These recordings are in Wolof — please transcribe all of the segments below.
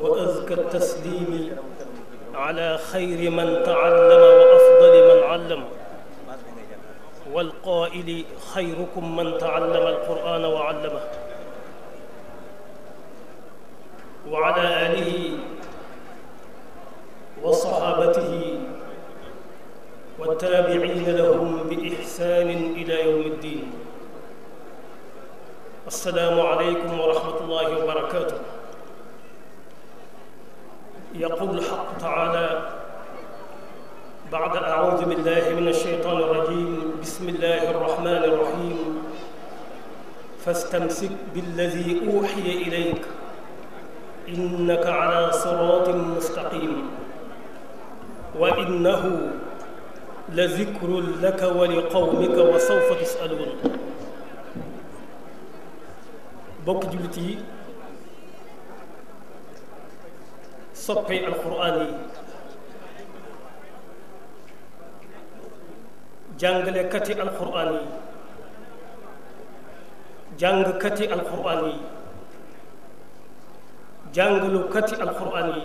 wa azka taslimi ala xayri man taallama wa afdali man allama wal qaa'ili xayrukum man taallama alqur'ana wa allamahu wa ala aalihi wa saxaabatihi wa taabiciina lahum bi ixsaanin ila yawmi ddiin assalaamu aleykum wa rahmatullaahi wa barakaatuh يقول الحق تعالى بعد أعوذ بالله من الشيطان الرجيم بسم الله الرحمن الرحيم فاستمسك بالذي أوحي إليك إنك على صراط مستقيم وإنه لذكر لك ولقومك وسوف تسألون بوك جلتي soppee alquran yi jàngalekati alquran yi jàngkati alquran yi jàngalukati alquran yi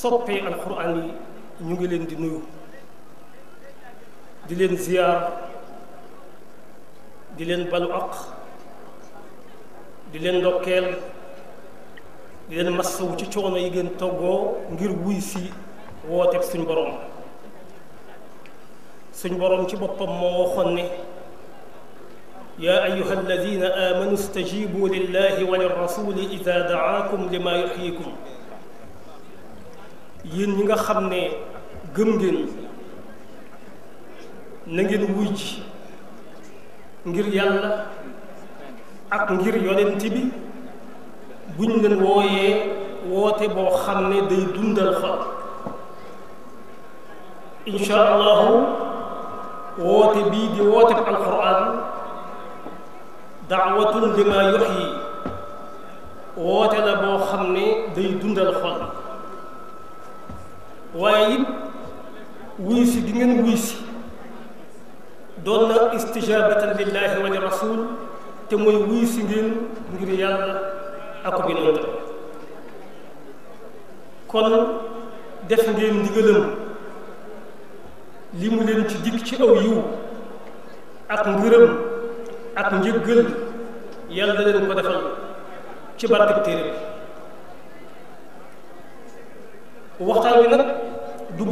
soppee alquran ñu ngi leen di nuyu di leen ziyaar di leen balu aq di leen ndokkeel di leen massawu ci coono yi gën toggoo ngir wuy si wooteeg suñ borom suñ borom ci boppam moo waxoon ne yaa ayuha alladina amanu stajibu lillahi wa lirrasuli ida daakum lima yuxyikum yéen ñi nga xam ne gëm ngeen na ngeen wuy ci ngir yàlla ak ngir yonent bi buñ leen wooye woote boo xam ne day dundal xol insha allahu woote bii di woote bi alquran daawatun lima yuxyi woote la boo xam ne day dundal xol waaye it wuy si di ngeen wuy si doon na istijaabatan lillahi wa li rasul te mooy wuy si ngeen ngir yàlla ak bi noonu kon def ngeen ndigalam li mu leen ci dikk ci aw yiw ak ngërëm ak njëggal yàlla leen ko defal ci barkeb téere bi waxtaan wi nag du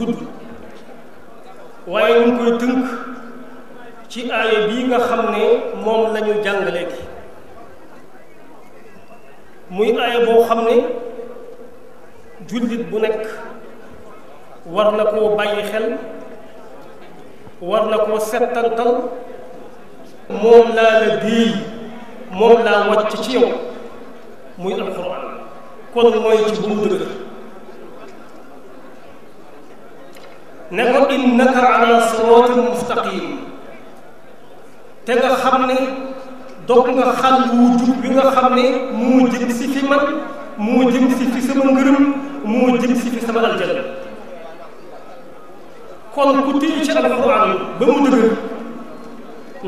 waaye ñu ngi koy tënk ci aaya bii nga xam ne moom lañu jàng léegi muy aaya boo xam ne jullit bu nekk war na koo bàyyi xel war na koo settantal moom laa la déey moom laa wàcc ci yow muy alquran kon mooy ci mu dëgër ne ko innaka ala siratin mustaqim te nga xam ne dog nga xam wu jub bi nga xam ne moo jëm si fi man moo jëm si fi sama ngërëm moo jëm si fi sama aljana kon ku téye ci alquran ba mu dëgër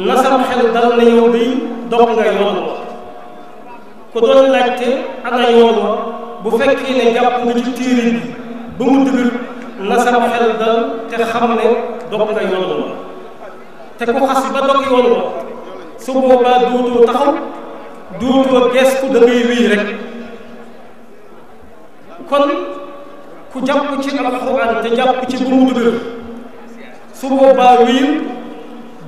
na sam xel dal na yow day dog nga yoon wa ku doon laajte ana yoon wa bu fekkee ne jàpp nga ci téere bi ba mu dëgër na sam xel dal te xam ne dog nga yoon wa te ku xas ba dog yoon wa su boobaa duutoo taxaw duutoo gestu da ngay wéy rek kon ku jàpp ci alxuraan te jàpp ci bu mu dëgër su boobaa wéyul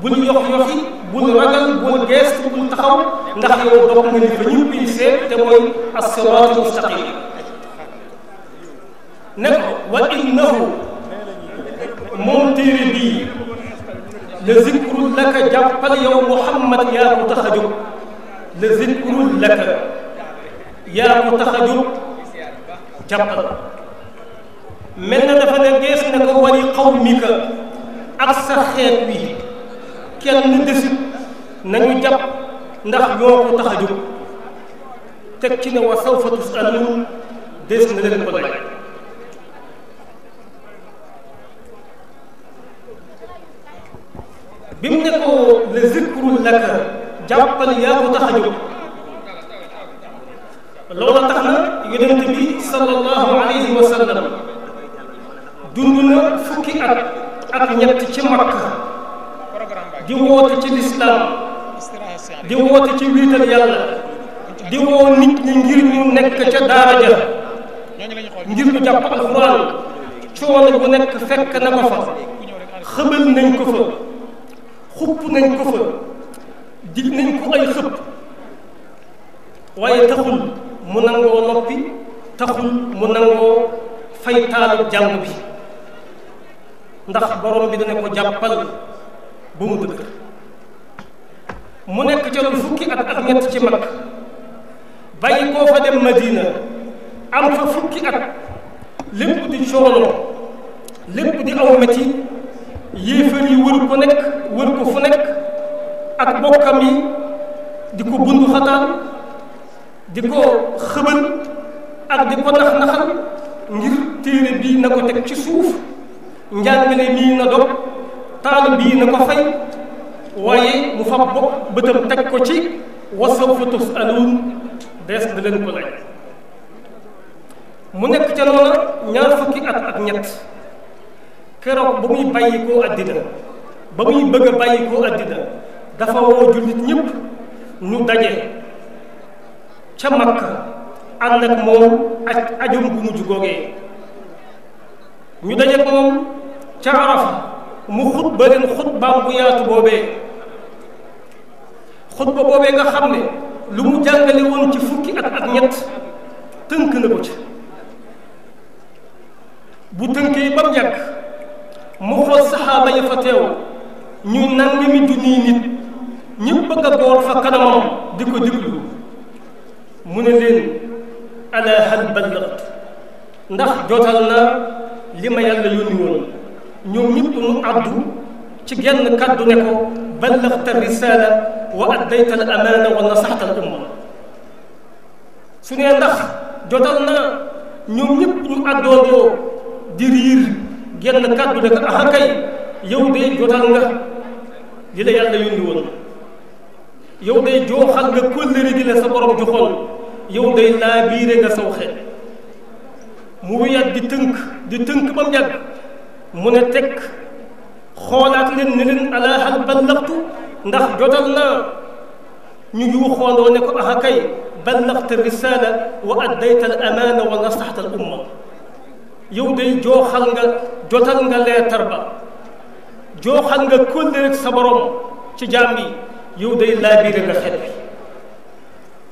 bul yox yoxi bul ragal bul gestu bul taxaw ndax yow dox nga ni fa ñëpp yi seet te mooy as-siraatul mustaqim ne ko wa innahu moom téere bii la zikru laka jàppal yow Muhammad yaa ko tax a jóg la zikru laka yaa ko tax a jóg jàppal mel na dafa ne gees na ko wari qawmika ak sa xeet wi kenn desit nañu jàpp ndax ñoo ko tax a jóg ci ne wa sawfa tusalun des na leen ko laaj bi mu ne ko la zikru laka jàppal yaa ko tax a jóg loolu tax na yonent bi sallallahu alayhi wa sallam dund na fukki at ak ñett ci Makka di woote ci lislaam di woote ci wiital yàlla di woo nit ñi ngir ñu nekk ca daara ja ngir ñu jàpp alxuraan coono bu nekk fekk na ko fa xëbal nañ ko fa xupp nañ ko fa dig nañ ko ay xëpp waaye taxul mu nangoo noppi taxul mu nangoo fay taalu bi ndax borom bi dana ko jàppal ba mu dëgg mu nekk ca lu fukki at ak ñett ci mag bàyyi koo fa dem Madina am fa fukki at lépp di coono lépp di aw metti yéefar yi wër ko nekk wër ko fu nekk ak bokkam yi di ko bundu xataan di ko xëbal ak di ko nax naxal ngir téere bii na ko teg ci suuf njàngale mii na dog taal bii na ko fay waaye mu fa bopp bëtam teg ko ci wasawfa tusaluun dees na leen ko laaj mu nekk ca noona ñaar fukki at ak ñett keroog ba muy bàyyi koo àddina ba muy bëgg a bàyyi koo àddina dafa woo jullit ñëpp ñu daje ca Makka ànd ak moom ak ajum bu mujj googee ñu daje ak moom ca Arafa mu xutba leen xutbaam bu yaatu boobee ba boobee nga xam ne lu mu jàngale woon ci fukki at ak ñett tënk na ko ci bu tënkee ba mu yàgg mu xool saxaaba ya fa teew ñu nangami junniy nit ñu bëgg a boor fa kanamam di ko déglu mu ne leen ala hal ballaxt ndax jotal naa li ma yàlla yónni woon ñoom ñëpp mu ci genn kàddu ne ko ballaxta risaala wa addayta al amaana wa nasaxta al umma su ne ndax jootal naa ñoom ñëpp ñu àddoondoo di genn kàddu ne ko aha kay yow de jotal nga li la yàlla yónni woon yow de jooxal nga kóllëre gi sa borom joxoon yow de laa biire nga saw xel mu wéyaat di tënk di tënk ba mu yàgg mu ne teg xoolaat leen ne leen ala hal ballaqtu ndax jotal naa ñu yuuxoondoo ne ko aha kay ballaqta risala wa addayta al amaana wa nasaxta al yow day jooxal nga jotal nga leetar ba jooxal nga kóllëre sa borom ci jaam yi yow day laabiire nga xel bi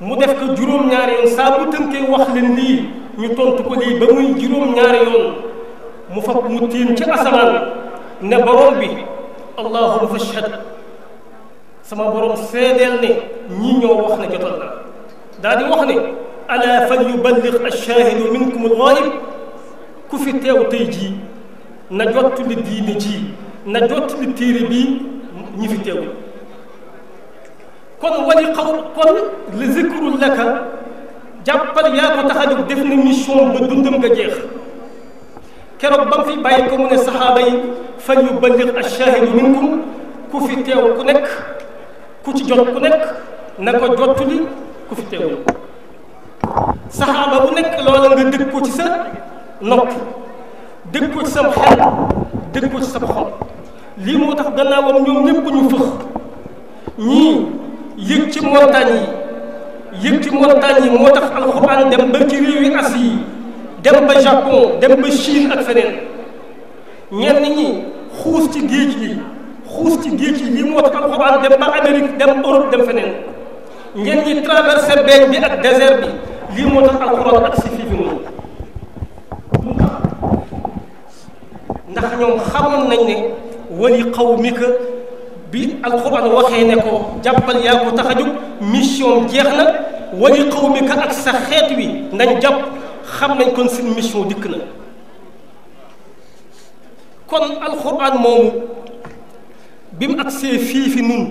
mu def ka juróom-ñaari yoon saa bu wax leen lii ñu tontu ko lii ba muy juróom-ñaari yoon mu fab mu tiim ci asamaan ne borom bi allahuma fashhad sama borom seedeel ne ñii wax ne jotal na daal di wax ne ala fal yuballigh ash-shahidu minkum al-ghaib ku fi teew tey jii na jottali diine ji na jottali téere bii ñi fi teew kon wali xaw kon le zikru laka jàppal yaa ko tax a jóg def na mission ba dundam nga jeex keroog ba mu fi bàyyi ko mu ne saxaaba yi fal yuballigh ash-shahidu minkum ku fi teew ku nekk ku ci jot ku nekk na ko jottali ku fi teew saxaaba bu nekk loola nga dëkk ci sa noppi dëkkul sam xel dëkkul sam xol lii moo tax gannaawam ñoom ñëpp ñu fëx ñii yëg ci montagne yi yëg ci montagne yi moo tax alxuraan dem ba ci réewi Asie yi dem ba Japon dem ba Chine ak feneen ñenn ñi xuus ci géej gi xuus ci géej gi lii moo tax alxuraan dem ba Amérique dem Europe dem feneen ñenn ñi traversé beej bi ak désert bi lii moo tax alxuraan ak si fii bi moom ndax ñoom xamoon nañ ne wali xaw mi que bi alxuraan waxee ne ko jàppal yaa ko tax a jóg mission jeex na wali xaw mi ak sa xeet wi nañ jàpp xam nañ kon seen mission dikk na kon alxuraan moomu bi mu agsee fii fi nun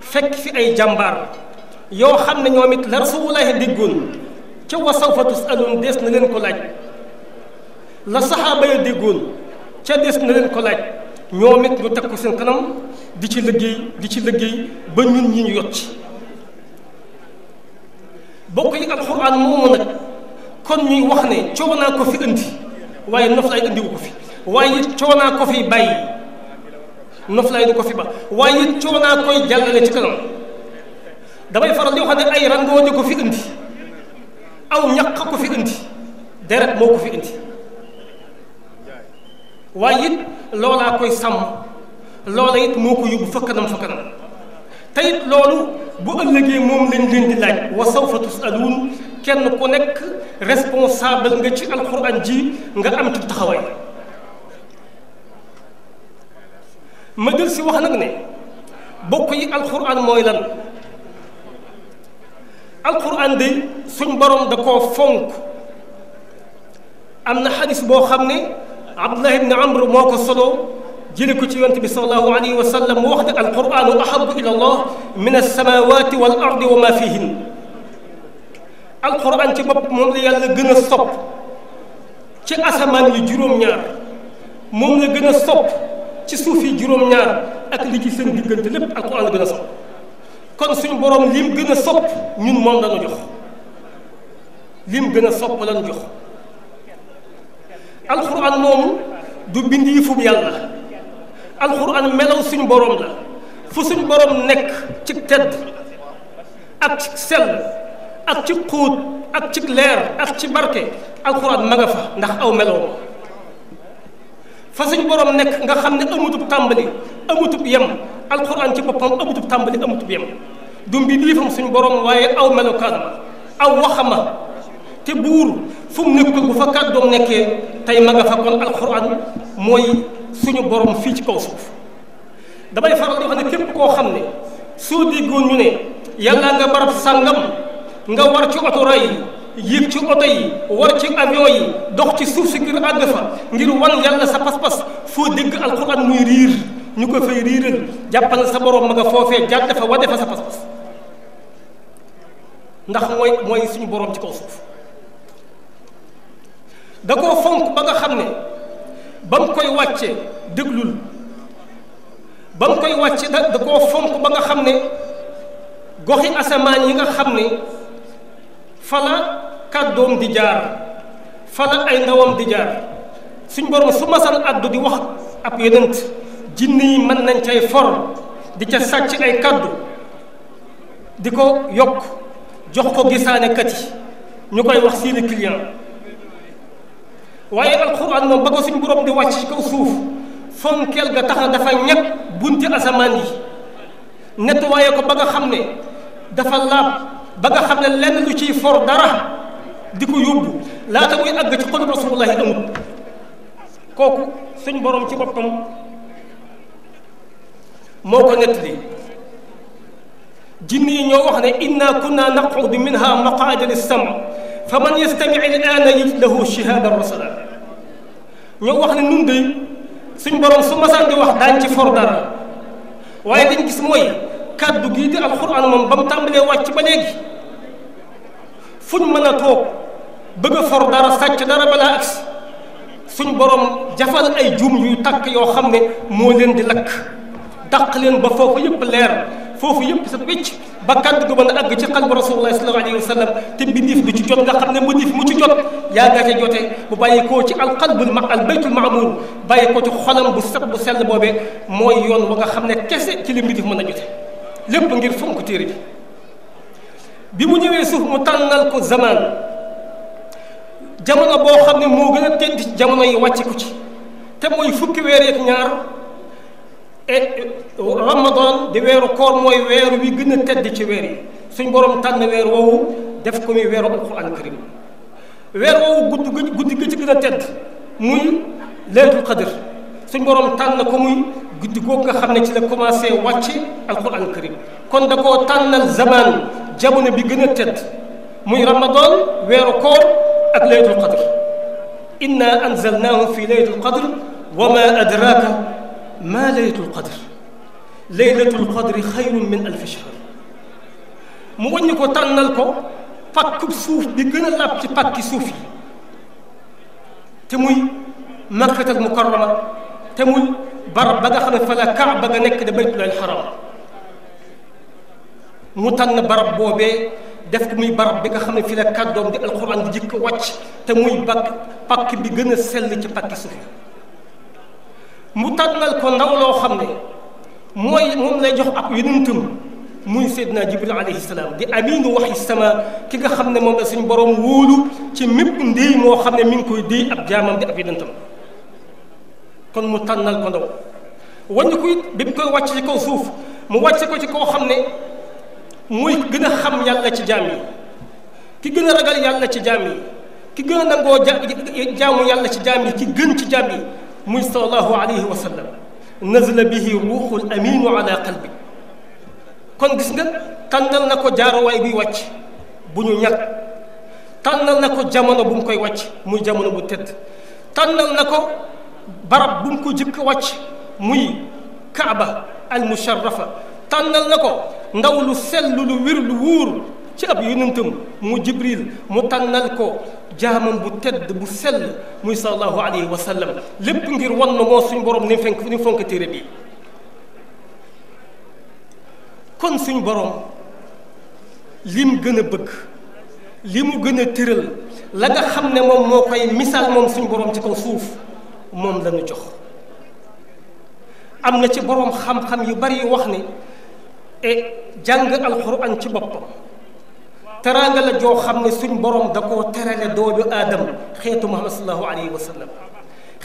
fekk fi ay jàmbaar yoo xam ne ñoom it la rasulullahi déggoon ca wa sawfa tusalun dees na leen ko laaj la saxaaba ya déggoon ca des na leen ko laaj ñoom it ñu teg ko seen kanam di ci liggéey di ci liggéey ba ñun ñi ñu yot ci bokk yi alxuraan moomu nag kon ñuy wax ne coow naa ko fi indi waaye nof lay indiwu ko fi waaye coow naa ko fi bàyyi nof lay du ko fi ba waaye coow naa koy jàllale ci kanam damay faral di wax ay rangoo ko fi indi aw ñaq ko fi indi deret moo ko fi indi waaye it loolaa koy sàmm loola it moo ko yóbbu fa kanam fa kanam te it loolu bu ëllëgee moom lañ leen di laaj wa sawfa tusaluun kenn ku nekk responsable nga ci alxuraan ji nga am ci taxawaay ma del si wax nag ne bokk yi alxuraan mooy lan alxuraan de suñ borom da koo fonk am na xalis boo xam ne abdullah ibn amr moo ko solo jële ko ci yonent bi sallallahu alayhi wa sallam mu wax ne alquranu ahabu ila allah min alsamawati wal ardi wa ma fihin alquran ci bopp moom la yàlla gën a sopp ci asamaan yi juróom-ñaar moom la gën a ci suuf yi juróom-ñaar ak li ci seen diggante lépp alquran la gën a sopp kon suñu borom lim gën a sopp ñun moom la ñu jox lim gën a sopp la jox alxuraan moomu du bind yi fum yàlla alxuraan melaw suñu boroom la fu suñ borom nekk ci tedd ak ci sell ak ci xuut ak ci leer ak ci barke alxuraan ma nga ndax aw melow fa suñ borom nekk nga xam ne amutub tàmbali amutub yem alxuraan ci boppam amutub tàmbali amutub yem du mbi lii fam suñ borom waaye aw melokaan ma aw waxama te buur fu mu nekkul bu fa kàddoom nekkee tey ma nga fa kon alxuraan mooy suñu borom fii ci kaw suuf damay faral di wax ne képp koo xam ne soo déggoon ñu ne yàlla nga barab sàngam nga war ci oto ray yéeg ci oto yi war ci avion yi dox ci suuf si ngir àgg fa ngir wan yàlla sa pas-pas foo dégg alxuraan muy riir ñu ko fay riiral jàppal sa borom ma nga foofee jàdd fa wadde fa sa pas-pas ndax mooy mooy suñu borom ci kaw suuf da koo fonk ba nga xam ne ba mu koy wàcce déglul ba mu koy wàcce da da koo fonk ba nga xam ne goxi asamaan yi nga xam ne fala kàddoom di jaar fala ay ndawam di jaar suñ borom su masal addu di wax ab yonent jinn yi mën nañ cay for di ca sàcc ay kàddu di ko yokk jox ko gisaane kat yi ñu koy wax seeni client waaye alxuraan moom ba ko suñu borom di wàcc ci kaw suuf fonkeel ga tax dafa ñëpp bunti asamaan yi nettoyé ko ba nga xam ne dafa laab ba xam ne lenn lu ciy for dara di ko yóbbu laata muy àgg ci xolu rasulullahi amut kooku suñ borom ci boppam moo ko nettali jinne yi ñoo wax ne inna kunna naqudu minha maqaada lis-sam fa man yastami al-aana yajid lahu shihaaban rasadan ñoo wax ne nun day suñ borom su masaan di wax daañ ci for dara waaye dañ gis moy kàddu gii di alxuraan moom ba mu tàmbalee wàcc ba léegi fuñ mën a toog bëgg a for dara sàcc dara balaa agsi suñ borom ay juum yuy takk yow xam ne moo leen di lakk taq leen ba foofu yëpp leer foofu yëpp sa wécc ba kàddu gu mën a àgg ci xalbu rasulullah sallallahu alayhi wa sallam te mbindiif du ci jot nga xam ne mbindiif mu ci jot yaa ngaa ca jote bu bàyyi koo ci alqalbul ma al baytul maamuur bàyyi ko ci xolam bu set bu sell boobee mooy yoon ba nga xam ne kese ci li mbindiif mën a jote lépp ngir fonk téere bi bi mu ñëwee suuf mu tànnal ko zamaan jamono boo xam ne moo gën a tedd ci jamono yi wàcce ko ci te mooy fukki weer ñaar Eh, ramadan di weeru koor mooy weer wi gën a tedd ci weer yi suñ borom tànn weer woowu def ko muy weeru alquran karim weer woowu gudd guddi gi ci gën a tedd muy leetul xadr suñ borom tànn ko muy guddi googu nga xam na ci la commencé wàcc alquran karim kon da koo tànnal zamaan jamono bi gën a tedd muy ramadan weeru koor ak leetul xadr inna anzalnaahu fi leetul xadr wa ma adraka ما ليلة القدر ليلة القدر خير من alfi mu wàññi ko tànnal ko pakk suuf bi gën a làpp ci pakki suuf yi te muy makkatal mukarrama te muy barab ba nga xam ne fa la kaaba nga nekk de baytulal xaram mu tànn barab boobee def ko muy barab bi nga xam ne fi la kàddoom di alquran di jëkk wàcc te muy bakk bi gën a sell ci pakki suuf mu tànnal ko ndaw loo xam ne mooy moom lay jox ab yonentam muy Seydina Jibril alayhi salaam di amiinu waxi sama ki nga xam ne moom la suñu borom wóolu ci mépp ndéy moo xam ne mi ngi koy di ab jaamam di ab yonentam kon mu tànnal ko ndaw waññi ko it koy wàcc ci kaw suuf mu wàcce ko ci koo xam ne muy gën a xam yàlla ci jaam yi ki gën a ragal yàlla ci jaam yi ki gën a nangoo ja jaamu yàlla ci jaam yi ki gën ci jaam muy sallallahu alayhi wa sallam nazla bihi ruuxul aminu ala qalbi kon gis nga tànnal na ko jaaruwaay buy wàcc bu ñu ñàkk tànnal na ko jamono bu mu koy wàcc muy jamono bu tedd tànnal na ko barab bu mu ko jëkk wàcc muy kaaba al musharrafa tànnal na ko ndaw lu sell lu wér lu wóor ci ab yonentam mu jibril mu tànnal ko jaamam bu tedd bu sell muy sallallahu alayhi wa sallam lépp ngir won na moo suñ boroom ni fenk ni fonk téere bi kon suñ boroom li mu gën a bëgg li mu gën a tëral la nga xam ne moom moo koy misaal moom suñ borom ci kaw suuf moom la jox am na ci boroom xam-xam yu bari wax ne e jàng alxuraan ci boppam teraanga la joo xam ne suñ borom da koo terale doomu aadama xeetu muhammad sallallahu alayhi wa sallam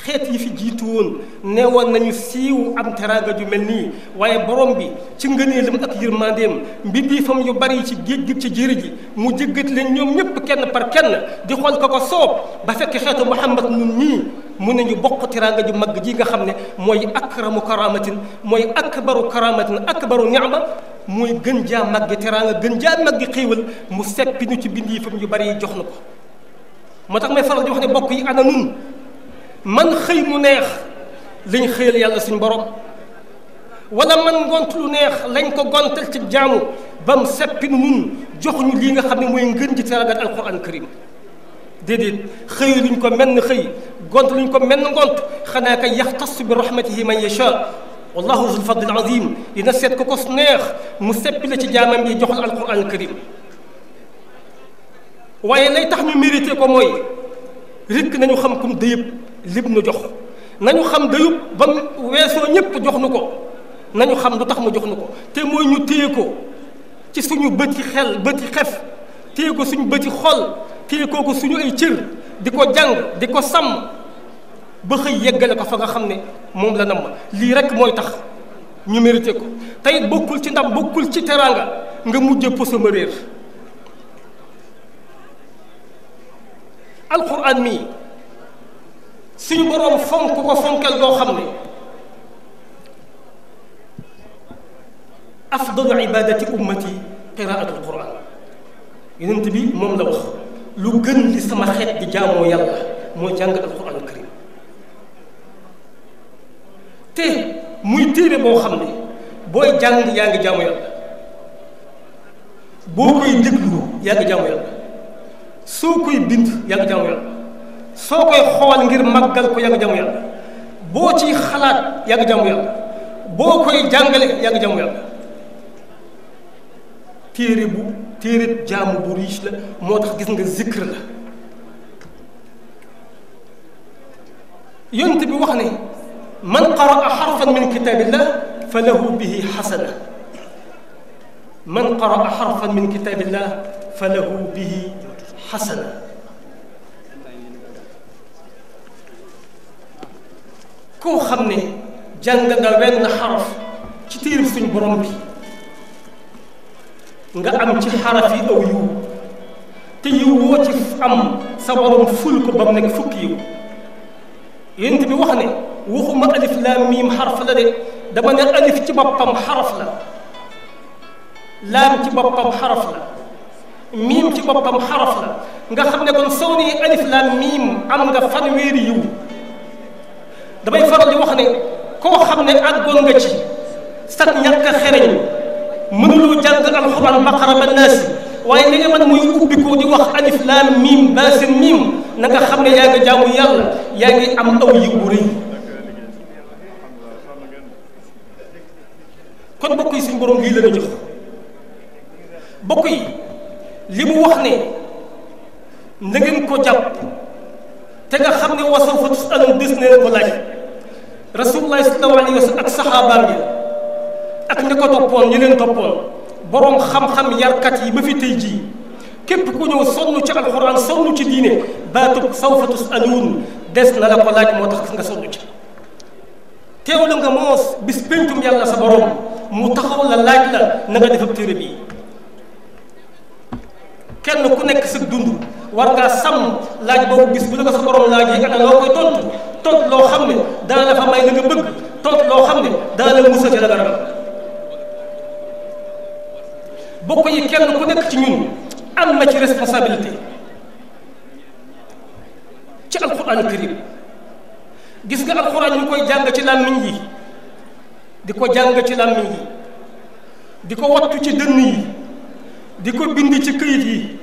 xeet yi fi jiitu woon ne woon nañu siiw am teraanga ju mel nii waaye borom bi ci ngëneelam ak yërmandeem mbindeefam yu bari ci géej ci jëri ji mu jëggat leen ñoom ñëpp kenn par kenn di xool ko ko soob ba fekk xeetu muhammad nun nii mun nañu bokk teraanga ju mag ji nga xam ne mooy akramu karamatin mooy akbaru karamatin akbaru ni'ma mooy gën jaa màgg teraanga gën jaa màgg xéewal mu seppi nu ci bind yi fam yu bari jox na ko moo tax may faral di wax ne bokk yi ana nun man xëy mu neex lañ xëyal yàlla suñ borom wala man ngont lu neex lañ ko gontal ci jaamu ba mu seppi nu nun jox ñu lii nga xam ne mooy ngën ji teraangal alquran karim déedéet xëy luñ ko menn xëy gont luñ ko menn ngont xanaa kay yaxtas bi rahmatihi man yasha wallahu zul fadl azim dina seet ko ko neex mu seppi la ci jaamam yi jox la alquran alkarim waaye lay tax ñu mérité ko mooy rekk nañu xam kum dëyëb lim nu jox nañu xam dëyub ba mu weesoo ñëpp jox nu ko nañu xam lu tax mu jox nu ko te mooy ñu téye ko ci suñu bëti xel bëti xef téye ko suñu bëti xol téye koo ko suñu ay cër di ko jàng di ko sàmm ba xëy yeggale ko fa nga xam ne moom la nam lii rek mooy tax ñu mérité ko teyit bokkul ci ndam bokkul ci teraanga nga mujje posama réer alquran mii suñu boroom fonk ko fonkel doo xam ne afdalu ibadati ummati qiraatul quran yonent bi moom la wax lu gën li sama xeet di jaamoo yàlla mooy jàng alquran karim te muy téere boo xam ne booy jàng yaa ngi jaamu yàlla boo koy déglu yaa ngi jaamu yàlla soo koy bind yaa ngi jaamu yàlla soo koy xool ngir màggal ko yaa ngi jaamu yàlla boo ciy xalaat yaa ngi jaamu yàlla boo koy jàngale yaa ngi jaamu yàlla téere bu téere jaamu bu riche la moo tax gis nga zikr la yonent bi wax ne man qaraa xarfan min kitaabillah fa lahu bihi xasana man qaraa xarfan min kitaabillah fa lahu bihi xasana koo xam ne jàng nga wenn xaraf ci téereb suñ borom bi nga am ci xaraf yi aw yiw te yiw woo ci am sa borom ful ko ba mu nekk fukki yiw yént bi wax ne waxuma alif laam miim xaraf la de dama ne alif ci boppam xaraf la laam ci boppam xaraf la miim ci boppam xaraf la nga xam ne kon soo nee alif laam miim am nga fanweeri yiw damay faral di wax ne koo xam ne àggoon nga ci sat ñàkk a xereñ mënuloo jàng alxuraan baqara ba naasi waaye li nga mën muy ubbi ko di wax alif laam miim baasin miim na nga xam ne yaa ngi jaamu yàlla yaa ngi am aw yiw bu rëy kon bokk yi suñu borom lii la ñu jox bokk yi li mu wax ne na ngeen ko jàpp te nga xam ne wasaw ko laaj rasulullah sallallahu ak saxaabaam yi ak ñi ko toppoon ñi leen toppoon boroom xam-xam yarkat yi ba fi tey jii képp ku ñëw sonn ci alxuraan sonn ci diine baatub sawfa tusaluun des na la ko laaj moo tax nga sonn ci teewlu nga moos bis péncum yàlla sa borom mu taxaw la laaj la na nga defab téere bii kenn ku nekk sa dund war ngaa sàmm laaj boobu bis bu la ko sa borom laajee ana loo koy tontu tont loo xam ne dana la fa may la nga bëgg tont loo xam ne dana la musal la nga ram bokk yi kenn ku nekk ci ñun am na ci responsabilité ci alxuraanu karim gis nga alxuraan ñu koy jàng ci làmmiñ yi di ko jàng ci làmmiñ yi di ko wattu ci dënn yi di ko bind ci këyit yi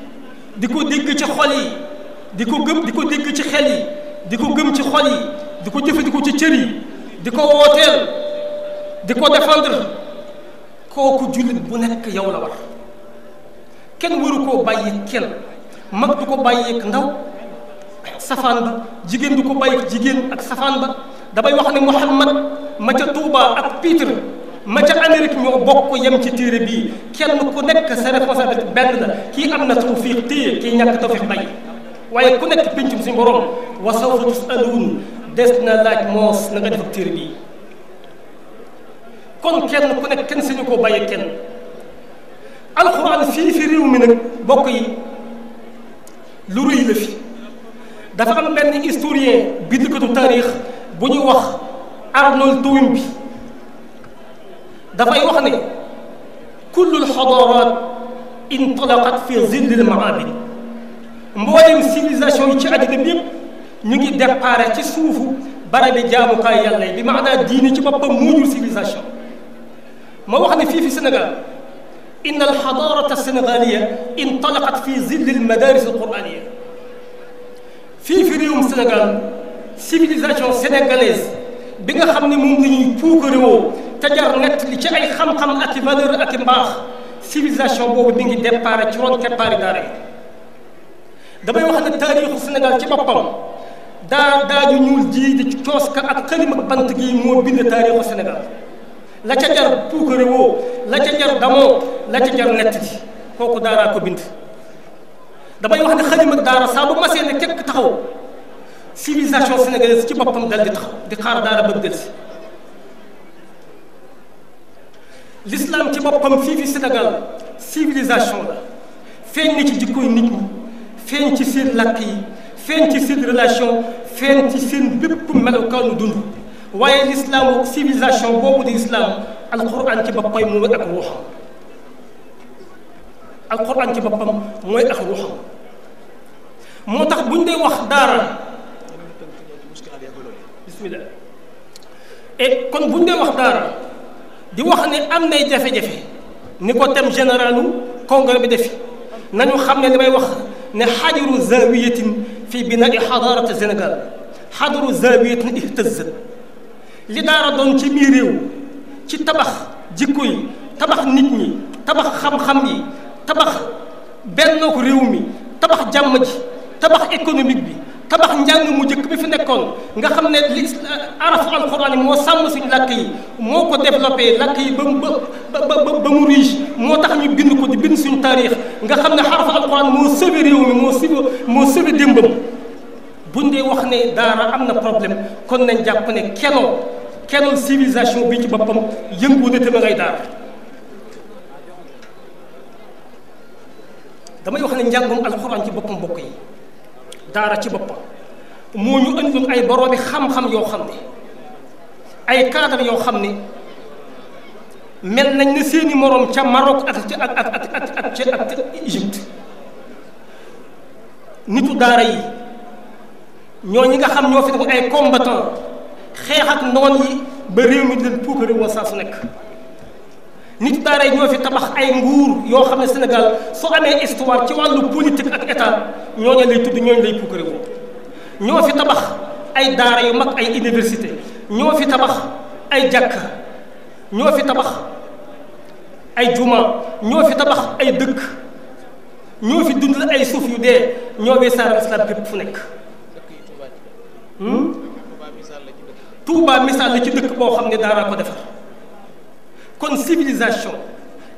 di ko dégg ci xol yi di ko gëm di ko dégg ci xel yi di ko gëm ci xol yi di ko jëfandiku ci cër yi di ko wooteel di ko défendre kooku jullit bu nekk yow la war kenn waru koo bàyyi kel mag du ko bàyyeek ndaw safaan ba jigéen du ko bàyyi jigéen ak safaan ba damay wax ne Muhammad ma ca Touba ak Pitre ma ca Amérique ñoo bokk yem ci téere bii kenn ku nekk sa responsabilité benn kii am na tawfiq téye kii ñàkk tawfiq bàyyi waaye ku nekk pencum suñu borom wa sawfa tusaluun des na laaj moos nanga nga def ak téere bii kon kenn ku nekk kenn sañu koo bàyyi kenn. alxuraan fii fi réew mi nag bokk yi lu rëy la fi dafa am benn historien bindkatu taarix bu ñuy wax Arnold Toynbee dafay wax ne kullul xadaaraat intalaqat fi zillil maabid mboolem civilisation yi ci àddina bi yëpp ñu ngi départ ci suufu barabi jaamukaay yàlla yi bi maanaa diine ci boppam moo jur civilisation ma wax ne fii fi Sénégal إن الحضارة السنغالية انطلقت في ظل المدارس القرآنية fii fi réewum Sénégal civilisation sénégalaise bi nga xam ne moom la ñuy puugarewoo te jar nett li ci ay xam-xam ak i valeur ak i mbaax civilisation boobu mi ngi départ ci ron keppaari daara yi damay wax ne taarixu Sénégal ci boppam daa daa ju ñuul ji di coos ka ak xalim ak bant gi moo bind taarixu Sénégal la ca jar puukare woo la ca jar damoo la ca jar nett ji kooku daaraa ko bind damay wax ne xalima daara saa bu masee ne kekk taxaw civilisation sénégalaise ci boppam dal di taxaw di xaar daara bëgg del si ci boppam fii senegal Sénégal civilisation la feeñ ni ci jikkoy nit ñi ci seen làkk yi feeñ ci seen relation feeñ ci seen bépp melokaanu dund waaye lislaamu civilisation boobu di lislaam alquran ci boppam mooy ak ruuxam alquran ci boppam mooy ak ruuxam moo tax bu ñu dee wax daara bismillah kon bu ñu wax daara di wax ne am nay jafe-jafe ni ko thème généralu congrès bi na nañu xam ne li may wax ne xajaru zawiyatin fi binaa xadaarati Sénégal xajaru zawiyatin ihtazat li daara doon ci biir réew ci tabax jikko yi tabax nit ñi tabax xam-xam yi tabax bennook réew mi tabax jàmm ji tabax économique bi tabax njàng mu jëkk bi fi nekkoon nga xam ne li euh, arafu alxuraan yi moo sàmm suñu làkk yi moo ko développé làkk yi ba mu ba ba mu moo tax ñu bind ko di bind suñu taarix nga xam ne arafu alxuraan moo réew mi moo sauvé moo sauvé démbam buñ dee wax ne daara am na problème kon nañ jàpp ne kenoo kenoo civilisation bi ci boppam yëngu na te ngay daara damay wax ne njàngum alxuraan ci boppam bokk yi daara ci boppam moo ñu andiloon ay boroomi xam-xam yoo xam ne ay cadre yoo xam ne mel nañ ne seeni moroom ca Maroc ak ca nitu daara yi ñoo ñi nga xam ñoo fi def ay combattant xeex ak noon yi ba réew mi di leen puukare woon saa nekk nit daara ñoo fi tabax ay nguur yoo xam ne Sénégal soo amee histoire ci wàllu politique ak état ñooñu lay tudd ñooñu lay puukare woon ñoo fi tabax ay daara yu mag ay université ñoo fi tabax ay jàkka ñoo fi tabax ay juma ñoo fi tabax ay dëkk ñoo fi dund la ay suuf yu dee ñoo weesaara islam bépp fu nekk Touba misaal la ci dëkk boo xam ne daaraa ko defar kon civilisation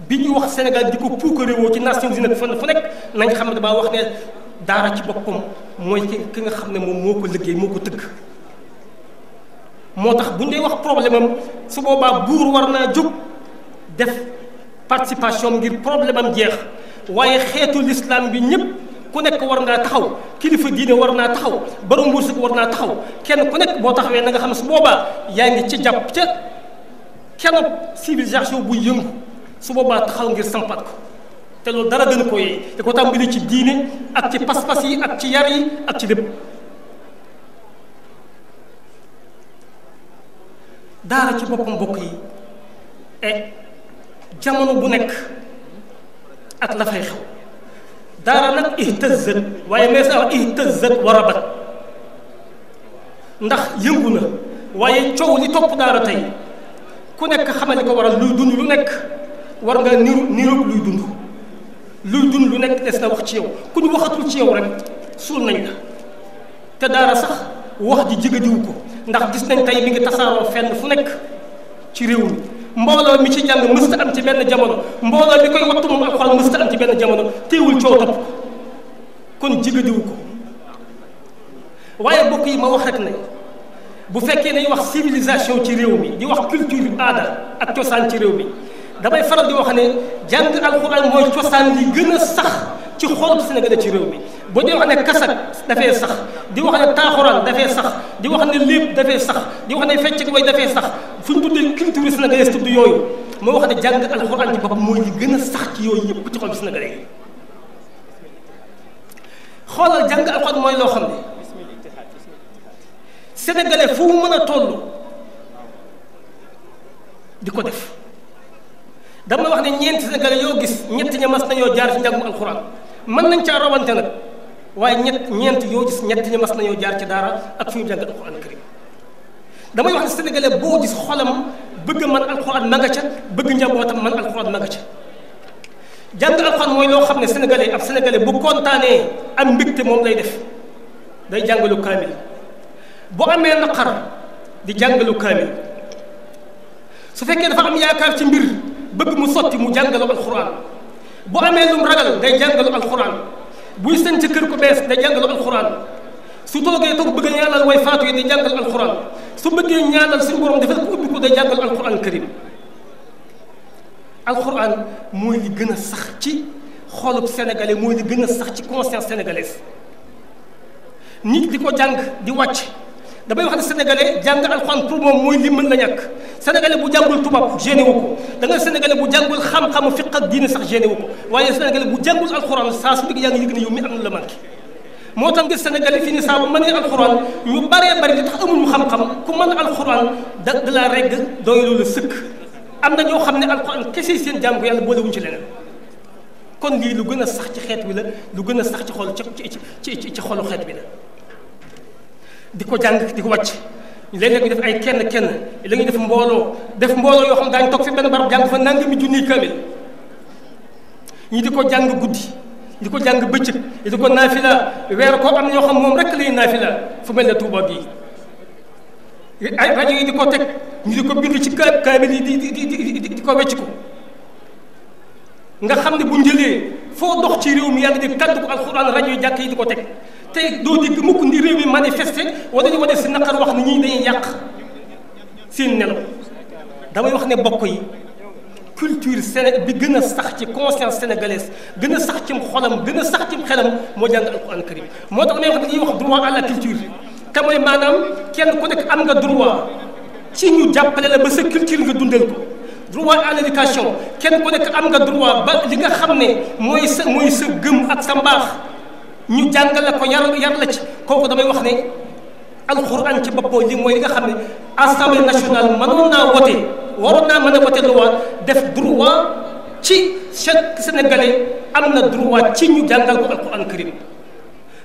bi ñuy wax Sénégal di ko puukarewoo ci Nations Unies nag fan fu nekk nañ xam ne damaa wax ne daara ci boppam mooy ki nga xam ne moom moo ko liggéey moo ko tëgg moo tax bu ñu wax problème su boobaa buur war naa jóg def participation ngir problème am jeex waaye xeetu lislaam bi ñëpp ku nekk war naa taxaw kilifa diine war naa taxaw borom wërsëg war naa taxaw kenn ku nekk boo taxawee na nga xam su boobaa yaa ngi ci jàpp ca kenn civilisation bu yëngu su boobaa taxaw ngir sampat ko te loolu dara gën koy yee di ko tàmbali ci diine ak ci pas yi ak ci yar yi ak ci lépp daara ci boppam mbokk yi e jamono bu nekk ak la xew daara nag ihtazat waaye mais sa wax ihtazat warabat ndax yëngu na waaye coow li topp daara tey ku nekk xamal li ko waral luy dund lu nekk war nga niru niru luy dund luy dund lu nekk des na wax ci yow ku ñu waxatul ci yow rek suul nañ la te daara sax wax ji jigadiwu ko ndax gis nañ tey nga tasaa tasaaroo fenn fu nekk ci réew mi mbooloo mi ci jàng mësta am ci benn jamono mbooloo mi koy waxtu moom alxuraan mësta am ci benn jamono teewul coow topp kon jigadiwu ko waaye bokk ma wax rek ne bu fekkee nañ wax civilisation ci réew mi di wax culture aada ak cosaan ci réew mi damay faral di wax ne jàng alxuraan mooy cosaan li gën a sax ci xolu Sénégal ci réew mi bu di wax ne kasak dafay sax di wax ne taaxuraan dafay sax di wax ne lépp dafay sax di wax ne fecc way dafay sax fu ñu tuddee culture sénégalaise tudd yooyu moo wax ne jàng alxuraan ci boppam mooy li gën a sax ci yooyu yëpp ci xolu Sénégalais yi xoolal jàng alxuraan mooy loo xam ne sénégalais fu mu mën a toll di ko def dama wax ne ñeenti sénégalais yoo gis ñett ña mas nañoo jaar ci njàngum alxuraan. mën nañ caa rawante nag waaye ñett ñeent yoo gis ñett ñi mas nañoo jaar ci daara ak fu ñu jàng alquran karim damay wax ne sénégalais boo gis xolam bëgg man alquran ma nga ca bëgg njabootam man alquran ma nga ca jàng alquran mooy loo xam ne sénégalais ab sénégalais bu kontaanee am mbégte moom lay def day boo kaamil bu amee naqar di jàngalu kaamil su fekkee dafa am yaakaar ci mbir bëgg mu sotti mu jàngalu alquran bu amee lum ragal day jàngalu alxuraan buy sëñ ci kër ku bees day jàngalu alxuraan su toogee toog bëgg a ñaanal way faatu yi day jàngal alxuraan su bëggee ñaanal suñu borom defal ko ubbi ko day jàngal alxuraan karim alxuraan mooy li gën a sax ci xolub sénégalais mooy li gën a sax ci conscience sénégalaise nit ko jàng di wàcc damay wax ne sénégalais jàng alxuraan pour moom mooy li mën la ñàkk sénégalais bu jàngul tubaab génne ko da nga sénégalais bu jàngul xam-xamu fiq ak diine sax génne wu ko waaye bu jàngul alxuraan saa su nekk yaa ngi yëg ne yow mi am na la manqué moo tax nga sénégalais fii ni saa bu mënee alxuraan ñu baree bari li tax amuñu xam-xam ku mën alxuraan da da la regg doylu la sëkk am na ñoo xam ne alxuraan kese seen jàngu yàlla boolewuñ ci leneen kon lii lu gën a sax ci xeet wi la lu gën a sax ci xol ci ci ci ci xolu xeet bi la di ko jàng di ko wàcc léeg-léeg def ay kenn kenn léegi ñu def mbooloo def mbooloo yoo xam daañu toog fi benn bara jàng fa nangami junniy kaamil ñi di ko jàng guddi di ko jàng bëccëg di ko naafila weer ko am na ñoo xam moom rek lay naafila fu mel ne Tuuba bii ay rajo yi di ko teg ñu di ko bind ci ka kaamil yi di di di di ko wecc ko nga xam ne bu njëlee foo dox ci réew mi yàlla di kaddu ko alxuraan rajo yi jàkk yi di ko teg tey doo dégg mukk ni réew mi manifester wala ñu wane si naqar wax ni ñii dañuy yàq seen nelaw damay wax ne bokk yi culture séné bi gën a sax ci conscience sénégalaise gën a sax cim xolam gën a sax cim xelam moo jàng alquran moo tax may wax dañuy wax droit à la culture te mooy maanaam kenn ku nekk am nga droit ci ñu jàppale la ba sa culture nga dundal ko droit à l'éducation kenn ku nekk am nga droit ba li nga xam ne mooy sa mooy sa gëm ak sa mbaax ñu jàngal la ko yar yar la ci kooku damay wax ne alxuraan ci bopp li mooy li nga xam ne assemblée nationale mënoon naa wote waroon naa mën a wote loi def droit ci chaque sénégalais am na droit ci ñu jàngal ko alxuraan karim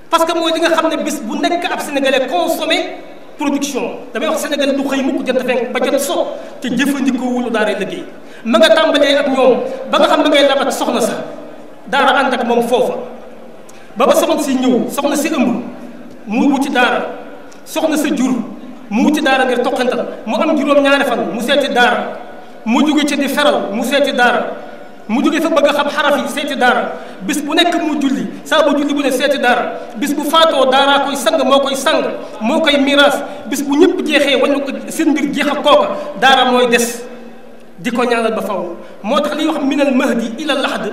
parce que mooy li nga xam ne bis bu nekk ab sénégalais consommé production damay wax sénégalais du xëy mukk jant fenk ba jant so te jëfandikoo wulu daaray liggéey ma nga tàmbalee ak ñoom ba nga xam ne ngay labat soxna sa daara ànd ak moom foofa ba ba soxna si ñëw soxna si ëmb mu wuti daara soxna si jur mu wuti daara ngir toqantal mu am juróom-ñaari fan mu seeti daara mu jóge ci di feral mu seeti daara mu jóge fa bëgg xam xaraf yi seeti daara bis bu nekk mu julli saa bu julli bu ne seeti daara bis bu faatoo daaraa koy sang moo koy sang moo koy miraas bis bu ñëpp jeexee wañu ko seen mbir jeex ak kooka daara mooy des di ko ñaanal ba faw moo tax li wax minal mahdi ila lahd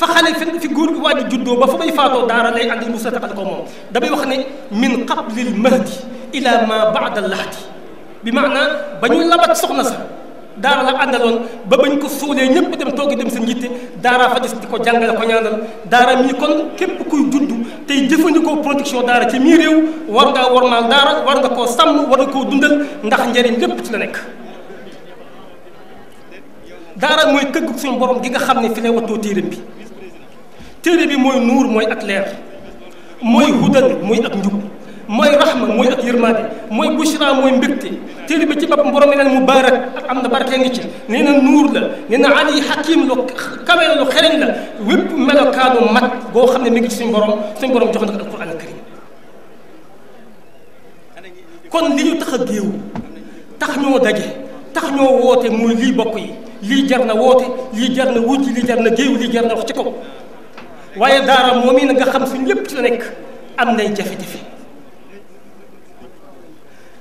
fa xale fi fi góor gi waaju juddoo ba fa may faatoo daara lay àndi musa ko moom damay wax ne min qablil mahdi ila ma baada lahdi bi maanaa ba ñu labat soxna sa daara la àndaloon ba bañ ko suulee ñëpp dem toogi dem seen yitte daara fa des di ko jàngale ko ñaanal daara mii kon képp koy judd tey jëfandikoo production daara ci mii réew war ngaa war maal daara war nga koo sàmm war nga koo dundal ndax njëriñ lépp ci la nekk daara mooy këggu suñu borom gi nga xam ne fi lay wattoo bi téere bi mooy nuur mooy ak leer mooy hudan muy ak njub mooy rahma mooy ak yërmaade mooy bushra mooy mbégte téere bi ci boppam borom nee na mubaarak ak am na barke ngi ci nee na nuur la nee na ali hakim lu kawe la lu xereñ la wépp melokaanu mat boo xam ne mi ngi ci suñu borom suñu borom jox na ko alquran al karim tax a géewu tax tax ñoo woote muy lii bokk yi lii jar na woote lii jar na wujj lii jar na géew lii jar na wax ci kaw waaye daara moom yi na nga xam suñ lépp ci la nekk am nay jafe-jafe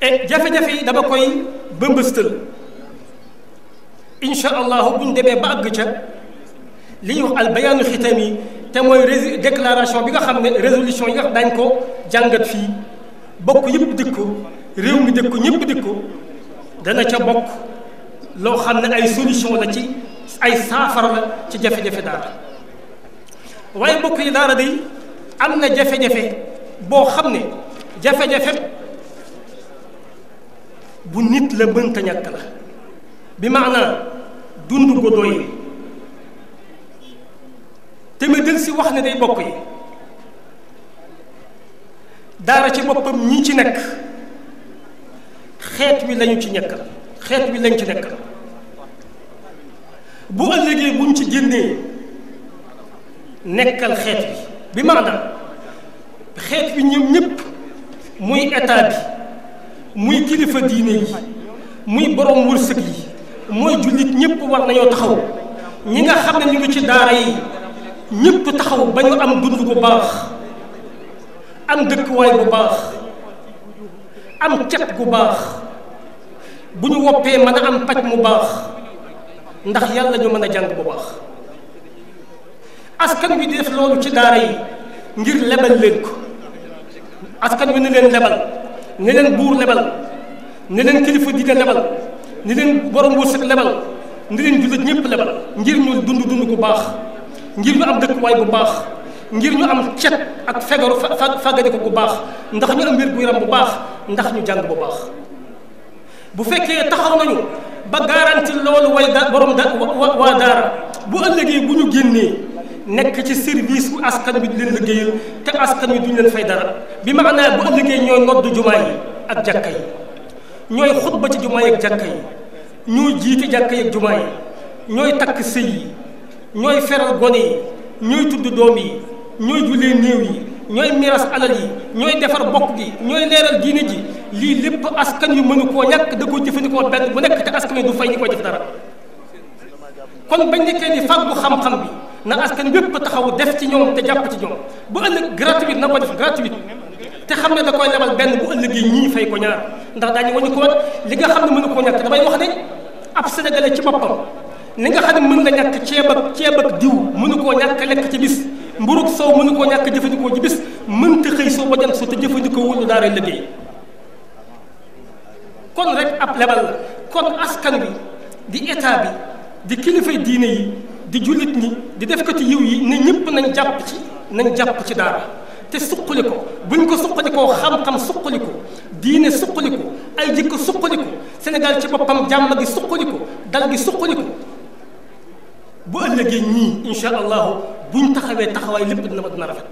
e jafe-jafe yi dama koy bëmbëstal incha allahu buñ demee ba àgg ca li ñuy wax al bayaanu xitam yi te mooy rés déclaration bi nga xam ne résolution yi nga dañ ko jàngat fii bokk yëpp dëkk réew mi dëkk ñëpp dëkk dana ca bokk loo xam ne ay solution la ci ay saafara la ci jafe-jafe daara waaye mbokk yi daara day am na jafe-jafe boo xam ne jafe-jafe bu nit la mënta ñàkk la bi maanaam dund ko doy te ma del si wax ne day bokk yi daara ci boppam ñi ci nekk xeet wi lañu ci ñàkkal xeet wi lañ ci nekkal bu ëllëgee buñ ci jëndee nekkal xeet bi bi maanaam xeet bi ñu ñëpp muy état bi muy kilifa diine yi muy borom wërsëg yi mooy jullit ñëpp war nañoo taxaw ñi nga xam ne ñu ngi ci daara yi ñëpp taxaw ba ñu am dund bu baax am dëkkuwaay bu baax am cet gu baax bu ñu woppee mën a am paj mu baax ndax yàlla ñu mën a jàng bu baax askan yu di def loolu ci daara yi ngir lebal leen ko askan bi ni leen lebal ni leen buur lebal ni leen kilifa diine lebal ni leen borom wërsëg lebal ni leen la ñëpp lebal ngir ñu dund dund bu baax ngir ñu am dëkkuwaay bu baax ngir ñu am cet ak fegaru fagadi ko bu baax ndax ñu am wér gu yaram bu baax ndax ñu jàng bu baax bu fekkee taxaw nañu ba garanti loolu way da borom da waa daara bu ëllëgee bu ñu génnee nekk ci service bu askan bi di leen liggéeyal te askan wi duñ leen fay dara bi maanaam bu ëllëgee ñooy nodd jumaa yi ak jàkka yi ñooy xutba ci jumaa yi ak jàkka yi ñooy jiite jàkka yi ak jumaa yi ñooy takk sëy yi ñooy feral gone yi ñooy tudd doom yi ñooy jullee néew yi ñooy miiras alal yi ñooy defar bokk gi ñooy leeral diine ji lii lépp askan wi mënu koo ñàkk da koo jëfandikoo benn bu nekk te askan wi du fay ñi ko jëf dara kon bañ nekkee ni fàggu xam-xam bi na askan wépp taxaw def ci ñoom te jàpp ci ñoom bu ëllëg gratuite na ko def gratuite te xam ne da koy lebal benn bu ëllëgee ñii fay ko ñaar ndax daañu wañu ko wat li nga xam ne mënu koo ñàkk damay wax ne ab sénégalais ci boppam li nga xam ne mën nga ñàkk ceeb ak ceeb ak diw mënu koo ñàkk lekk ci bis mburug sow mënu koo ñàkk jëfandikoo ci bis mënta xëy soo ba jant soo te jëfandikoo wóolu daara liggéey kon rek ab lebal la kon askan bi di état bi di kilifay diine yi di jullit ñi di def ko ci yiw yi ne ñëpp nañ jàpp ci nañ jàpp ci daara te suqali ko buñ ko suqalikoo xam-xam suqali ko diine suqali ko ay jikko suqali ko Sénégal ci boppam jàmm gi suqali ko dal gi suqali ko bu ëllëgee ñii incha allahu buñ taxawee taxawaay lépp dina ma dina rafet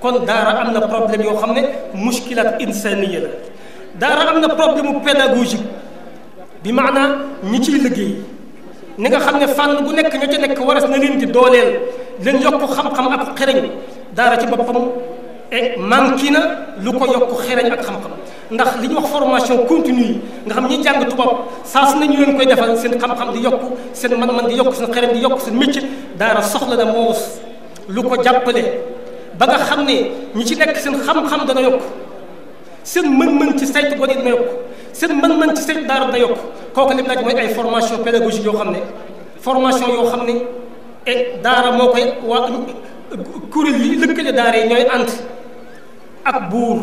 kon daara am na problème yoo xam ne mushkilaat insaniya la daara am na problème mu pédagogique bi maanaam ñi ci liggéey. ni nga xam ne fànn bu nekk ña ca nekk waras na leen di dooleel leen yokk xam-xam ak xereñ daara ci boppam et manqué na lu ko yokk xereñ ak xam-xam ndax li ñuy wax formation continue nga xam ñi jàng tubaab saa su ne ñu leen koy defal seen xam-xam di yokk seen man-man di yokk seen xereñ di yokk seen métier daara soxla na moos lu ko jàppale ba nga xam ne ñi ci nekk seen xam-xam dana yokk seen mën-mën ci saytu ko it na yokk seen mën-mën ci saytu daara na yokk kooku lim mooy ay formation pédagogique yoo xam ne formation yoo xam ne e daara moo koy waa kuréel yi lëkkale daara yi ñooy ànd ak buur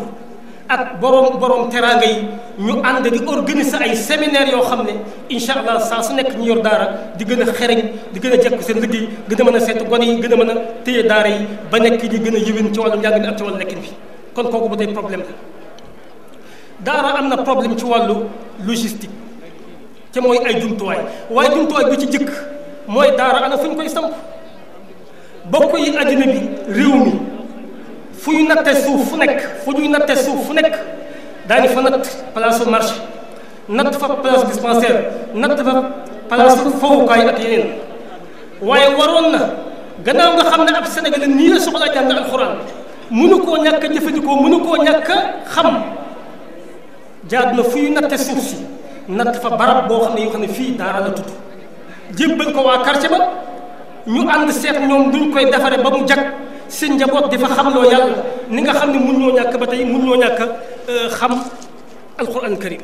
ak borom borom teraanga yi ñu ànd di organiser ay séminaire yoo xam ne incha allah saa su nekk ñu yor daara di gën a xereñ di gën a jekk seen liggéey gën a mën a seetu gone gën a mën a téye daara yi ba nekk di gën a yëwén ci wàllu njàng mi ak ci wàllu lekkin bi kon kooku ba tey problème la daara am na problème ci wàllu logistique te mooy ay jumtuwaay waaye jumtuwaay bi ci jëkk mooy daara ana fu ñu koy samp bokk yi àddina bi réew mi fu ñu natte suuf fu nekk fu ñuy natte suuf fu nekk daañu fa natt place marché natt fa place dispensaire natt fa place fowukaay ak yeneen waaye waroon na gannaaw nga xam ne ab Sénégalais nii la soxlaa jàng alxuraan mënu koo ñàkk jëfandikoo mënu koo ñàkk a xam jaag na fuy natte suuf si natt fa barab boo xam ne yoo xam ne fii daara la tudd jébbal ko waa quartier ba ñu ànd seet ñoom duñ koy defare ba mu jag seen njaboot di fa xamloo yàlla ni nga xam ne mun ñoo ñàkk ba tey mun ñoo ñàkk euh, xam alquran karim